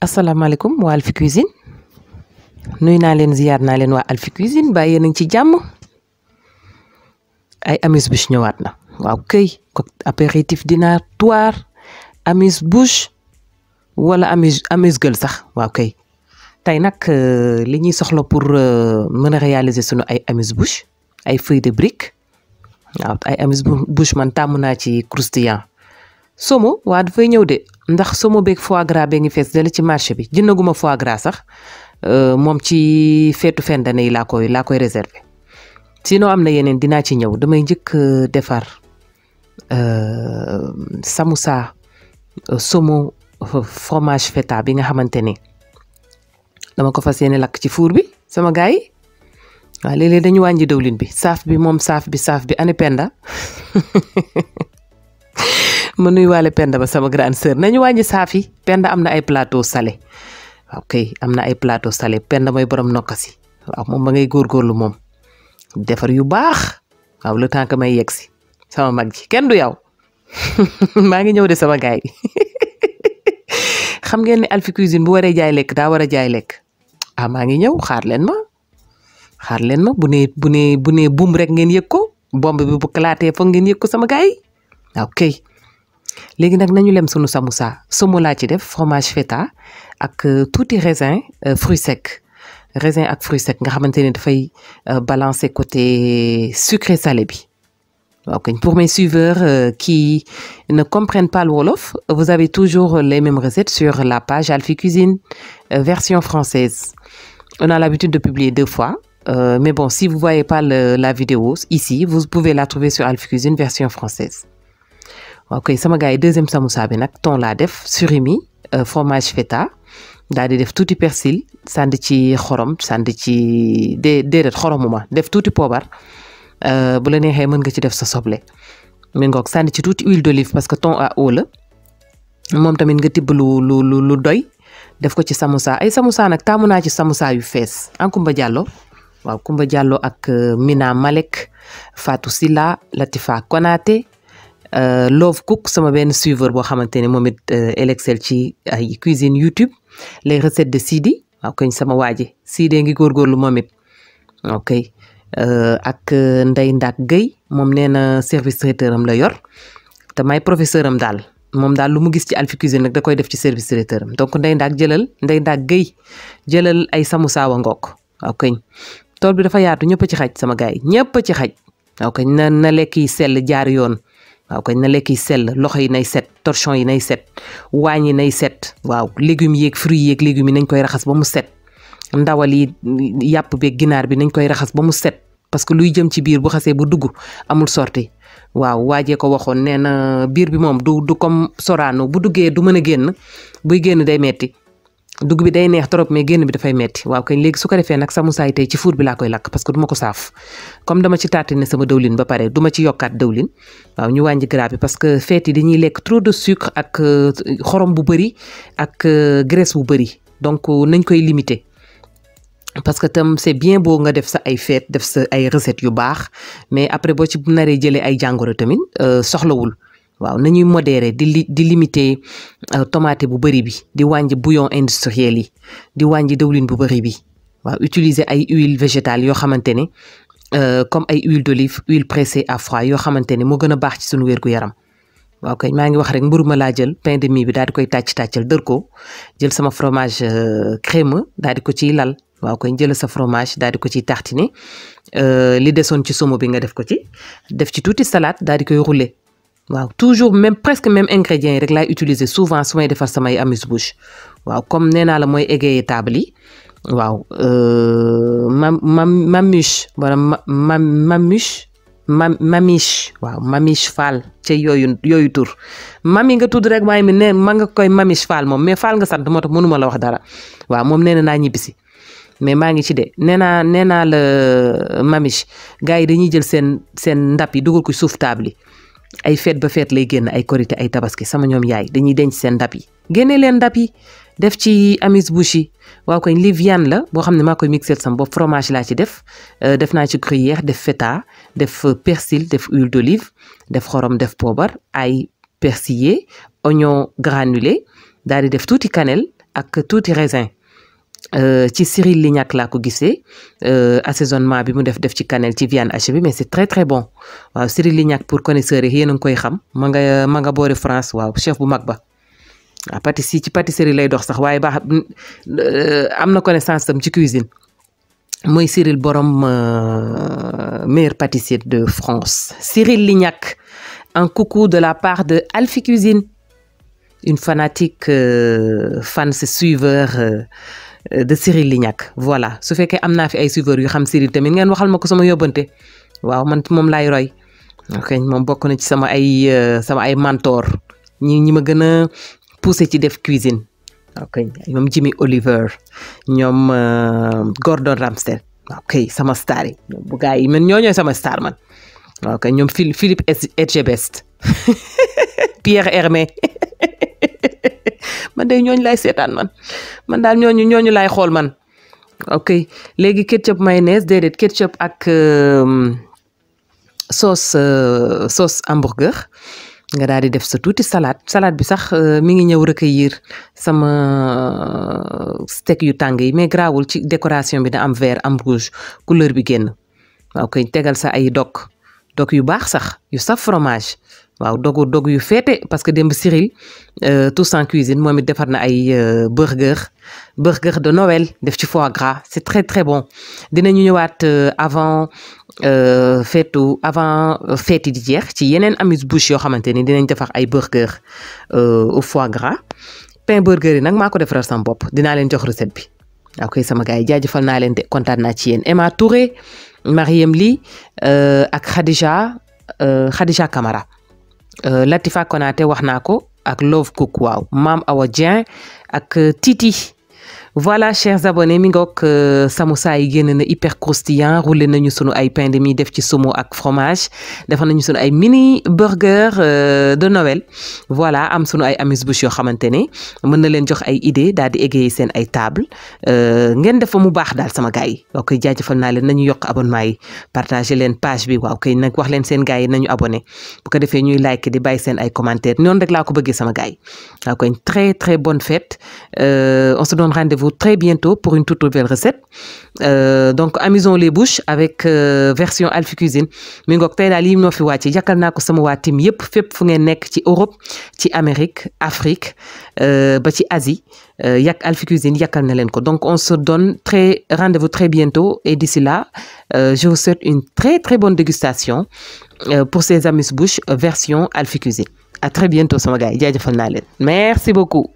asalaamaaleykum waa Alphie Cuisine nuy naa leen ziyaar naa leen waa Alphie Cuisine bàyyi nañ ci jàmm ay amuse-bouche ñëwaat na waaw këy apéritif dînatoire amis bouche wala amis amis gueule sax waaw këy tey nag euh, li ñuy soxla pour euh, mën a réaliser sunu ay amuse-bouche ay feuilles de brique waaw ay amuse-bouche man tàmm naa ci croustillant somo waa dafay ñëw de ndax somo beeg fois gras bee ngi fees dale ci marché bi jëndaguma fois gras sax euh, moom ci feetu fin d'année yi laa koy laa koy réserver am na yeneen dinaa ci ñëw damay njëkk euh, defar euh, samoussa somo fromage feta bi nga xamante ni dama ko fas yéene lakk ci fuur bi sama gars yi waa léeg-léeg dañu wàññi dëwlin bi saaf bi moom saaf bi saaf bi ane penda ma nuyuwaale Penda ba sama grande sœur nañu wàññi saaf yi Penda am na ay plateau salé waaw kay am na ay plateau salé Penda mooy borom nokkasi waaw moom ma ngay góorgóorlu moom defar yu baax waaw le temps que may yegg si sama mag ji kenn du yow maa ngi ñëw de sama gaay yi xam ngeen ne Alphie Cuisine bu waree jaay lekk daa war a jaay lekk ah maa ngi ñëw xaar leen ma xaar leen ma bu nee bu nee bu nee buum rek ngeen yëg ko bomb bi bu kalaatee foog ngeen yëg ko sama gaay waaw ah, kay léegi nag nañu lem sunu samoussa somo laa ci def fromage feta ak euh, tuuti raisin euh, fruits secs raisin ak fruits secs nga xamante ne dafay euh, balancer côté sucré salé bi ok pour mes suiveurs qui ne comprennent pas le wolof vous avez toujours les mêmes recettes sur la page Alphie Cuisine version française on a l'habitude de publier deux fois mais bon si vous voyez pas la vidéo ici vous pouvez la trouver sur Alphie Cuisine version française waaw kay sama gars yi deuxième samoussa bi nag ton laa def surimi euh, fromage feta daal di def tuuti persil sànd ci xorom sànd ci dé déedéet xoromuma def tuuti poobar euh, bu la neexee mën nga ci def sa soble. mi ngoog sànni ci tuuti huile d'olive parce que thon a eau la moom tamit nga tibb lu lu lu doy def ko ci samoussa ay samoussa nag taamu naa ci samoussa yu fees en ah, Kumba Diallo waaw Kumba jàllo ak euh, Mina Malek Fatou Silla Latifa Konaté Euh, Love Cook sama benn suiveur boo xamante ne moom it euh, Elexcel ci ay cuisine YouTube les recettes de Sidi waaw koñ sama waa ji Sidi ngi góorgóorlu moom it ok euh, ak Ndey Ndak Guèye moom nee na service traiteur am la yor te may professeur am daal moom daal lu mu gis ci Alphie Cuisine nag da koy def ci service traiteur donc Ndey Ndak jëlal Ndey Ndak Guèye jëlal ay samoussaawa ngook waaw koñ tool bi dafa yaatu ñëpp ci xaj sama gars yi ñëpp ci xaj waaw koñ na na lekk sell jaar yoon waaw koñ na lekk yi sell loxo yi nay set torchon yi nay set waañ nay set waaw légumes yéeg fruits yéeg légumes yi nañ koy raxas ba mu set ndawal yi yàpp beeg ginaar bi nañ koy raxas ba mu set parce que luy jëm ci biir bu xasee bu dugg amul sorti waaw waajee ko waxoon nee na biir bi moom du du comme soraanu bu duggee du mën a génn buy génn day metti dugg bi day neex trop mais génn bi dafay metti waaw kañ léegi su ko defee nag samusaay tey ci fuur bi laa koy lakk parce que du ma ko saaf comme dama ci taatine sama dëwlin ba pare duma ma ci yokkaat dëwlin waaw ñu wàññi gras bi parce que feet yi dañuy lekk trop de ak euh, xorom bu bëri ak euh, graisse bu bëri donc euh, nañ koy limiter parce que tam c'est bien boo nga def sa ay fête def sa ay recettes yu baax mais après boo ci naree jëlee ay jàngoro tamit soxlawul waaw nañuy modérer di li di limiter euh, tomate bu bëri bi di wàññi bouillon industriel yi di wàññi dëwlin bu bëri bi waaw utiliser ay huile végétale yoo xamante ne euh, comme ay huile d'olive huile pressée à froid yoo xamante ne moo gën a baax ci suñu wér gu yaram waaw kay maa ngi wax rek mburu ma laa jël pain de mie bi daal di koy tàcc tàccal dër ko jël sama fromage euh, crème daal di ko ci lal waaw koy jël sa fromage daal di ko ciy tartiner li deson ci somo bi nga def ko ci def ci tuuti salade daal di koy rouler waaw toujours même presque même ingrédients yi rek laay utiliser souvent su may defar samay amuse-bouche waaw comme nee naa la mooy égé table yi waaw euh, mam mam mamiche wala ma mamiche mam mamiche waaw mamiche Fall ca yooyu yooyu tur mami nga tudd rek waaye mi ne ma nga koy mamiche moom mais Fall nga sant moo tax mënuma la wax dara waaw moom nee na naa ñibbisi mais maa ngi ci de nee naa nee naa la euh, mamiche gars yi dañuy jël seen seen ndab yi dugal ko suuf table yi ay feet ba feet lay génn ay korité ay tabaski sama ñoom yaay dañuy denc seen ndab yi génne leen ndab yi def ci amis bouche yi waaw koñ li la boo xam ne maa koy mixel sam bopp fromage laa ci def euh, def naa ci gruyère def feta def persil def huile d'olive def xorom def poobar ay persillé oignon granulé daal di def tuuti kaneel ak tuuti raisin Euh, ci Cyril Lignac laa ko gisee euh, assaisonnement bi mu def def ci cannelle ci viande hachée bi mais c'est très très bon waaw Cyril Lignac pour connaisseurs yi yéen ngi koy xam ma nga ma nga boori France waaw chef bu mag ba waaw pâtisserie ci pâtisserie lay dox sax waaye baax euh, am na connaissance tam ci cuisine mooy Cyril borom meilleur pâtissier de France Cyril Lignac un coucou de la part de Alphie Cuisine une fanatique fan suiveur Euh, de li Lignac voilà su fekkee am naa fi ay suiveurs yu xam Cyril tamit ngeen waxal ma ko sama yóbbante waaw man moom laay roy ok moom bokk na ci sama ay euh, sama ay mentor ñi ñi ma gën a poussé ci def cuisine ok ñoom Jimmy Oliver ñoom euh, Gordon Ramsay ok sama star man ñoo ñooy sama star man ok ñoom Philippe Etchebest Pierre Hermé man de ñooñu laay seetaan man man daal ñooñu ñooñu laay xool man ok léegi ketchup mayonnaise déedéet ketchup ak euh, sauce euh, sauce hamburger nga daal di def sa tuuti salade salade bi sax euh, mi ngi ñëw recueillir sama steak yu tàng yi mais grawul ci décoration bi na am vert am couleur bi génn waaw koy tegal sa ay dok dok yu baax sax yu saf fromage waaw dogu dogu yu féete parce que démb Cyril euh, tous en cuisine moom it defar na ay euh, burger burger de Noël def ci fois gras c'est très très bon dinañu ñëwaat euh, avant feetu avant feet yi di jeex ci yeneen amuse-bouche yoo xamante ni dinañ defar ay burger au fois gras pain burger yi nag maa ko defaral sama bopp dinaa leen jox recette bi ok sama gars yi jaajëfal naa leen de kontaan naa ci yéen Emma Touré Mariam Ly ak Khadija Khadija kamara Euh, Latifa Konaté wax naa ko ak Love Cook waaw Maam Awa Dieng ak euh, Titi voilà chers abonnés mi ngook euh, samoussa yi génn na hyper croustillant na ñu sunu ay pain de mie def ci somo ak fromage na ñu sunu ay mini burger euh, de Noël voilà am sunu ay amuse-bouche yoo xamante ne mën na leen jox ay idée daal di égayer seen ay table euh, ngeen defa mu baax daal sama gars yi waaw koy jaajëfal naa leen na ñu yokk abonnement yi partager leen page bi waaw koy nag wax leen seen gars yi nañu abonné bu ko defee ñuy like di bàyyi seen ay commentaires noonu rek laa ko bëggee sama gars yi waaw koy très rendez-vous très bientôt pour une toute nouvelle recette euh, donc amusons les bouches avec euh, version Alphie Cuisine mi ngoog tey daal yi ñoo fi wàcce jàkkal naa ko sama waa team yëpp fépp fu ngeen nekk ci Europe ci Amérique Afrique euh, ba ci asi euh, yak Alphie Cuisine yàkkal na leen ko donc on se donne très rendez-vous très bientôt et d'ici là je vous souhaite une très très bonne dégustation pour ces amuse-bouches version Alphie Cuisine à très bientôt sama gars yi jaajëfal naa leen merci beaucoup